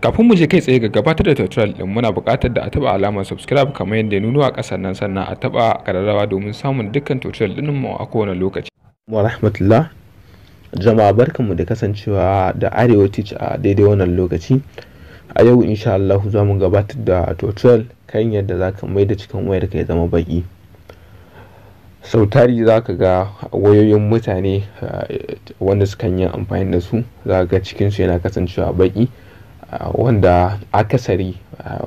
kafin mu je kai tsaye ga gabatar da tutorial din muna buƙatar da a taba alamar subscribe kamar yadda ya nuno a ƙasar nan sannan a taba ƙararrawa domin samun dukkan tutorial din mu a kowane lokaci wa rahmatullah jama'a barkanmu da kasancewa da arewa teach a daidai wannan lokaci a yau insha Allah za mu gabatar da tutorial kan yadda za ka mai da cikin wayar ka ya zama baki sau tari za ka ga wayoyin mutane eh, wanda su kan yi amfani da su za ka ga cikinsu yana kasancewa baki wanda akasari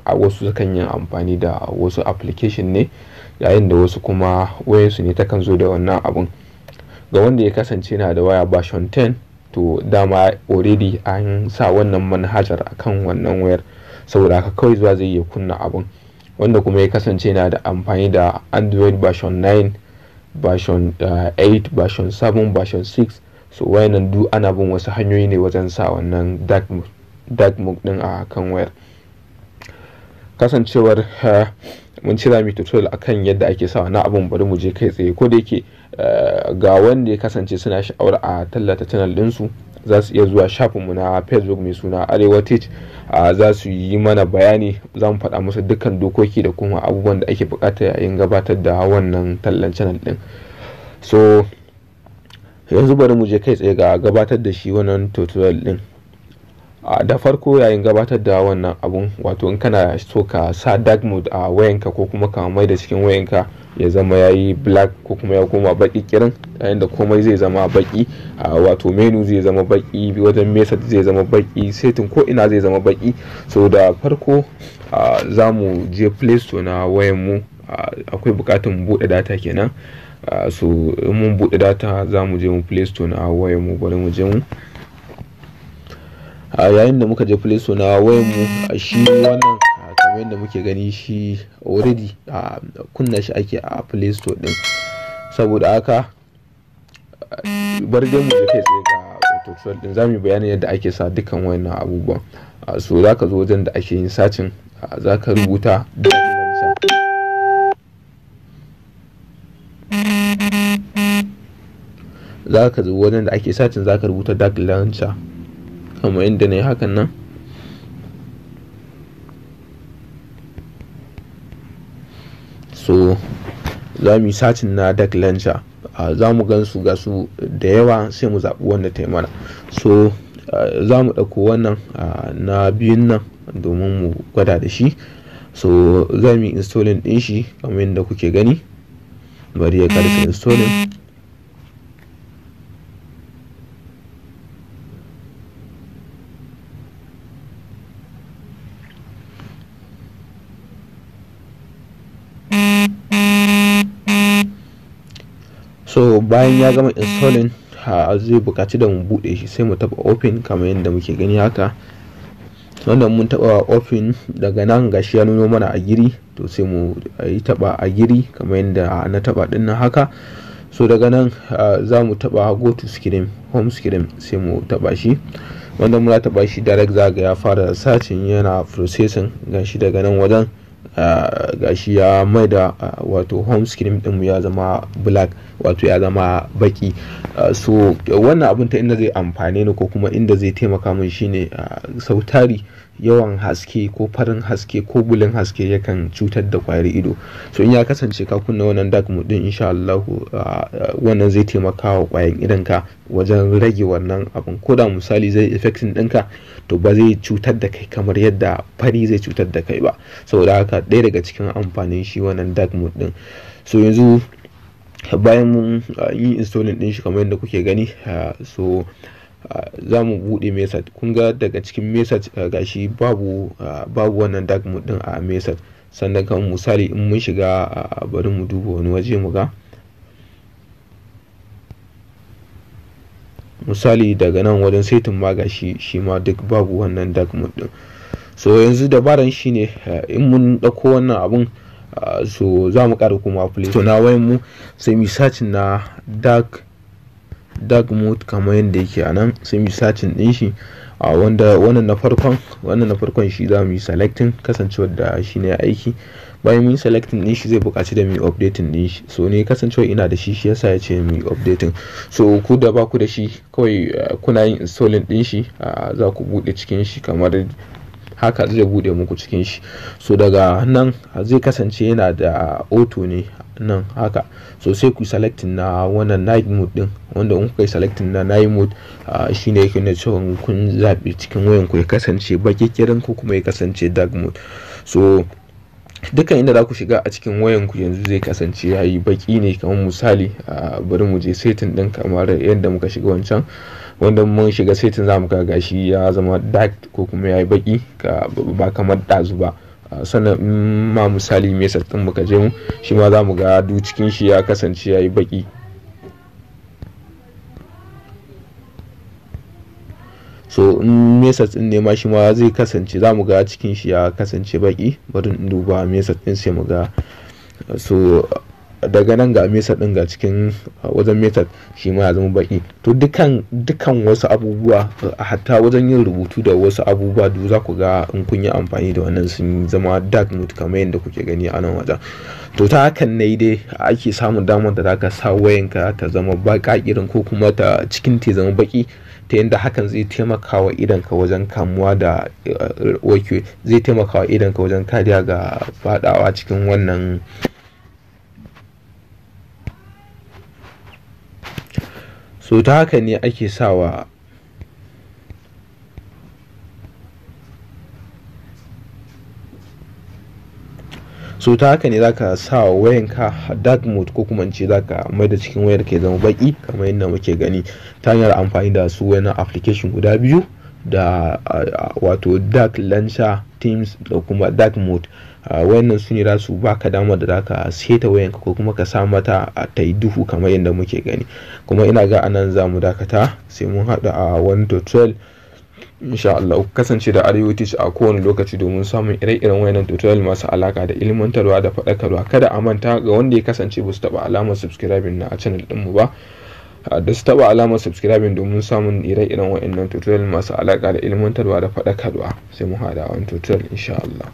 a wasu sukan yi amfani da wasu application ne yayin da wasu kuma wayansu ne takan zo da wannan abun ga wanda ya kasance na da waya version 10 to dama already an sa wannan manhajar a kan wannan wayar saboda haka kawai zuwa zai iya kunna abun wanda kuma ya kasance na da amfani da android version 9 version 8 eh, version 7 version 6 so wayannan duk ana bin wasu hanyoyi ne wajen sa wannan dark mode dark mode din a kan wayar kasancewar mun ci mu tutorial akan yadda ake sa na abun bari mu je kai tsaye ko da yake eh, ga wanda ya kasance suna sha'awar a tallata channel ɗinsu za su iya zuwa shafinmu na facebook mai suna arewa teach za su yi mana bayani za mu faɗa musu dukkan dokoki da kuma abubuwan da ake bukata yayin gabatar da wannan tallan channel ɗin so yanzu bari mu je kai tsaye ga gabatar da shi wannan tutorial ɗin Ah, da farko yayin gabatar da wannan abun wato in kana so ka sa dark mode a wayanka ko kuma ka mai da cikin wayanka ya zama ya yi black ko kuma ya koma baki kirin yayin da komai zai zama baki ah, wato menu zai zama baki wajen mesa zai zama baki setting ko ina zai zama baki so da farko ah, za mu je play store na wayan akwai bukatun bude data kenan so in mun bude data za mu je mu play store na wayanmu mu bari mu je mu a yayin da muka je play na wayan mu a shi wannan kamar yadda muke gani shi already a kunna shi ake a play store din saboda haka bar dai mu je kai tsaye ga tutorial din zamu bayanin yadda ake sa dukkan wayannan abubuwan so zaka zo wajen da ake yin sacin zaka rubuta za ka zo wajen da ake sacin za ka rubuta dark launcher kamar yadda na yi hakan nan so za mu yi sacin na deck launcher za mu gan su ga su da yawa sai mu zaɓi wanda ta yi mana so za mu ɗauko wannan na biyun nan domin mu gwada da shi so za mu yi installing ɗin shi kamar yadda kuke gani bari ya karfe eh. installing so bayan ya mm-hmm. gama installing zai bukaci da mu bude shi sai mu taba open kamar yadda muke gani haka wannan mun taba open daga nan gashi ya nuno mana a giri to sai mu yi taba a giri kamar yadda na taba din nan haka so daga nan za mu taba go to screen home screen sai mu taba shi wanda muna taba shi direct zaga ya fara sacin yana processing gashi daga nan wajen Ah, shi ya mai da ah, wato home screen din ya zama black wato ya zama baki ah, so wannan abin ta inda zai amfane ni ko kuma inda zai taimaka min shine sautari yawan haske ko farin haske ko bulin haske yakan cutar da kwayar ido so in ya kasance ka kunna wannan dark mode din insha Allah wannan zai taimaka wa kwayan idan ka wajen rage wannan abin ko da misali zai effectin ɗinka to ba zai cutar da kai kamar yadda fari zai cutar da kai ba saboda haka ɗaya daga cikin amfanin shi wannan dark mode din so yanzu bayan mun yi installing din shi kamar yadda kuke gani so za mu bude mesat kun ga daga cikin mesat gashi babu babu wannan dark mode din a mesat sannan kan misali in mun shiga bari mu duba wani waje mu ga misali daga nan wajen saitin ma gashi shi ma duk babu wannan dark mode din so yanzu dabaran shine in mun dauko wannan abun so za mu kara kuma play so na wayan mu sai mu na dark dark mode kamar yadda yake a nan sai mu sacin din shi a wanda wannan na farkon wannan na farkon shi za mu yi selecting kasancewar da shi ne aiki bayan mun selecting din shi zai bukaci da mu updating din shi so ne kasancewa ina da shi shi yasa ya ce mu updating so ku da ba ku da shi kawai eh, kuna yin installing din shi za ku bude cikin shi kamar haka zai bude muku cikin shi so daga nan zai kasance yana da auto ne nan haka so sai ku selectin na wannan night mode din wanda in kuka yi na night mode shine yake na cewa kun zaɓi cikin wayan ku ya kasance baki kirin ko kuma ya kasance dark mode so dukkan inda za ku shiga a cikin wayan ku yanzu zai kasance ya yi baki ne kamar misali bari mu je setting din kamar yadda muka shiga wancan wanda mun shiga setting zamu mu ga gashi ya zama dark ko kuma ya yi baki ba kamar ɗazu ba sannan ma misali mesa din muka je mu shi ma za mu ga du cikin shi ya kasance ya yi baki so in mesa din ne ma shi ma zai kasance za mu ga cikin shi ya kasance baki bari in duba mesa din sai mu ga so daga nan ga mesa din ga cikin wajen metat shi ma ya zama baki to dukkan wasu abubuwa hatta wajen yin rubutu da wasu abubuwa duk za ku ga in kun yi amfani da wannan sun zama dark mode kamar yadda kuke gani a nan wajen to ta hakan ne dai ake samun damar da zaka sa wayanka ta zama baka irin ko kuma ta cikin te zama baki ta yadda hakan zai taimaka wa idanka wajen kamuwa da wake zai taimakawa wa idanka wajen kariya ga fadawa cikin wannan so ta haka ne ake sawa so ta haka ne zaka sa wayanka dark mode ko kuma in ce zaka mai da cikin wayar ke zama baki kamar yadda muke gani ta hanyar amfani da su wani application guda biyu da wato dark launcher teams da kuma dark mode Ah, wayannan su ne za su baka dama da zaka seta wayanka ko kuma ka sa mata ta yi duhu kamar yadda muke gani kuma ina ga anan za mu dakata sai mun haɗu a 1 to 12 insha Allah ku kasance da arewacin a kowane lokaci domin samun ire-iren wayannan tutorial masu alaka da ilmantarwa da faɗakarwa kada a manta ga wanda ya kasance ba su taɓa alamar subscribing na a channel ɗinmu ba ah, da su taɓa alamar subscribing domin samun ire-iren wayannan tutorial masu alaka da ilmantarwa da faɗakarwa sai mun hada wani tutorial insha Allah